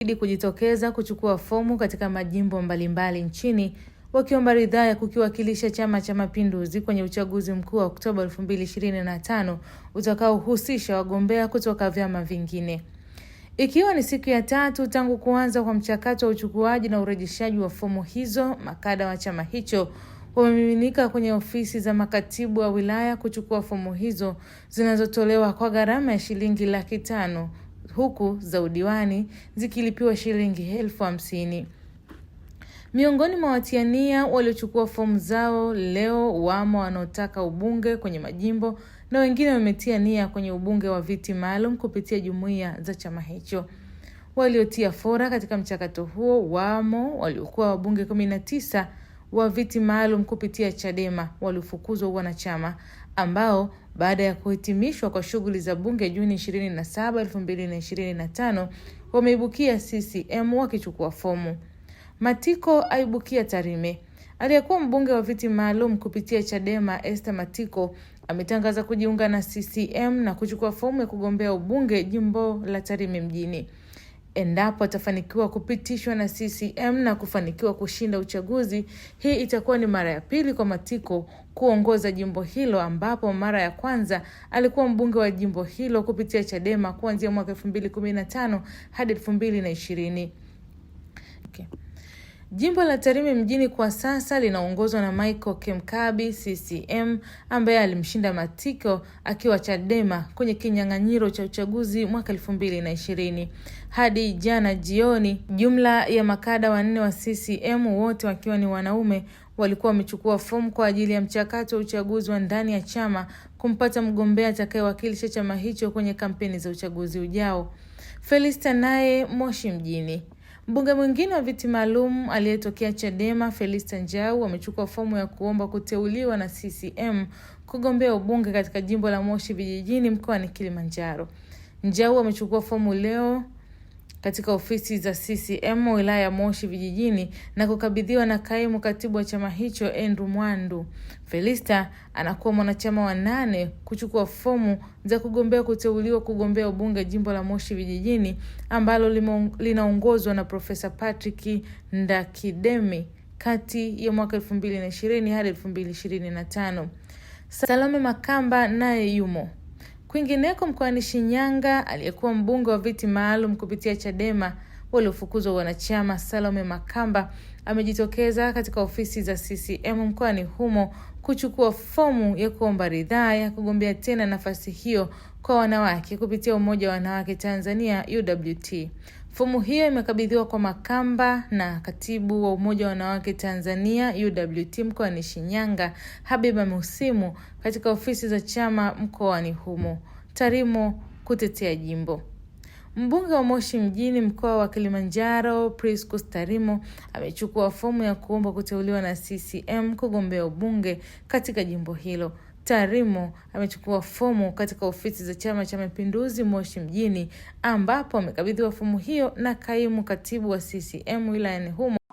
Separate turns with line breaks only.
ili kujitokeza kuchukua fomu katika majimbo mbalimbali nchini wakiomba ridhaa ya kukiwakilisha Chama cha Mapinduzi kwenye uchaguzi mkuu wa Oktoba 2025 utakaohusisha wagombea kutoka vyama vingine. Ikiwa ni siku ya tatu tangu kuanza kwa mchakato wa uchukuaji na urejeshaji wa fomu hizo, makada wa chama hicho wamemiminika kwenye ofisi za makatibu wa wilaya kuchukua fomu hizo zinazotolewa kwa gharama ya shilingi laki tano huku za udiwani zikilipiwa shilingi elfu hamsini. Miongoni mwa watiania waliochukua fomu zao leo wamo wanaotaka ubunge kwenye majimbo na wengine wametia nia kwenye ubunge wa viti maalum kupitia jumuiya za chama hicho. Waliotia fora katika mchakato huo wamo waliokuwa wabunge kumi na tisa wa viti maalum kupitia Chadema walifukuzwa wanachama ambao baada ya kuhitimishwa kwa shughuli za bunge Juni 27, 2025 wameibukia CCM wakichukua fomu. Matiko aibukia Tarime. Aliyekuwa mbunge wa viti maalum kupitia Chadema Esther Matiko ametangaza kujiunga na CCM na kuchukua fomu ya kugombea ubunge jimbo la Tarime mjini. Endapo atafanikiwa kupitishwa na CCM na kufanikiwa kushinda uchaguzi, hii itakuwa ni mara ya pili kwa Matiko kuongoza jimbo hilo ambapo mara ya kwanza alikuwa mbunge wa jimbo hilo kupitia Chadema kuanzia mwaka eu215 hadi 2020. Jimbo la Tarime mjini kwa sasa linaongozwa na Michael Kemkabi CCM ambaye alimshinda Matiko akiwa Chadema kwenye kinyang'anyiro cha uchaguzi mwaka elfu mbili na ishirini. Hadi jana jioni, jumla ya makada wanne wa CCM wote wakiwa ni wanaume walikuwa wamechukua fomu kwa ajili ya mchakato wa uchaguzi wa ndani ya chama kumpata mgombea atakayewakilisha chama hicho kwenye kampeni za uchaguzi ujao. Felista naye Moshi mjini Mbunge mwingine wa viti maalum aliyetokea Chadema Felista Njau amechukua fomu ya kuomba kuteuliwa na CCM kugombea ubunge katika jimbo la Moshi Vijijini mkoani Kilimanjaro. Njau amechukua fomu leo katika ofisi za CCM wilaya ya Moshi vijijini na kukabidhiwa na kaimu katibu wa chama hicho Andrew Mwandu. Felista anakuwa mwanachama wa nane kuchukua fomu za kugombea kuteuliwa kugombea ubunge jimbo la Moshi vijijini ambalo linaongozwa na Profesa Patrick Ndakidemi kati ya mwaka elfu mbili na ishirini hadi elfu mbili ishirini na tano. Salome Makamba naye yumo Kwingineko mkoani Shinyanga, aliyekuwa mbunge wa viti maalum kupitia Chadema waliofukuzwa wanachama Salome Makamba amejitokeza katika ofisi za CCM mkoani humo kuchukua fomu ya kuomba ridhaa ya kugombea tena nafasi hiyo kwa wanawake kupitia Umoja wa Wanawake Tanzania UWT. Fomu hiyo imekabidhiwa kwa Makamba na katibu wa Umoja wa Wanawake Tanzania UWT mkoani Shinyanga, Habiba Musimu, katika ofisi za chama mkoani humo. Tarimo kutetea jimbo. Mbunge wa Moshi Mjini, mkoa wa Kilimanjaro, Priscus Tarimo amechukua fomu ya kuomba kuteuliwa na CCM kugombea ubunge katika jimbo hilo. Tarimo amechukua fomu katika ofisi za Chama cha Mapinduzi Moshi mjini ambapo amekabidhiwa fomu hiyo na kaimu katibu wa CCM wilayani humo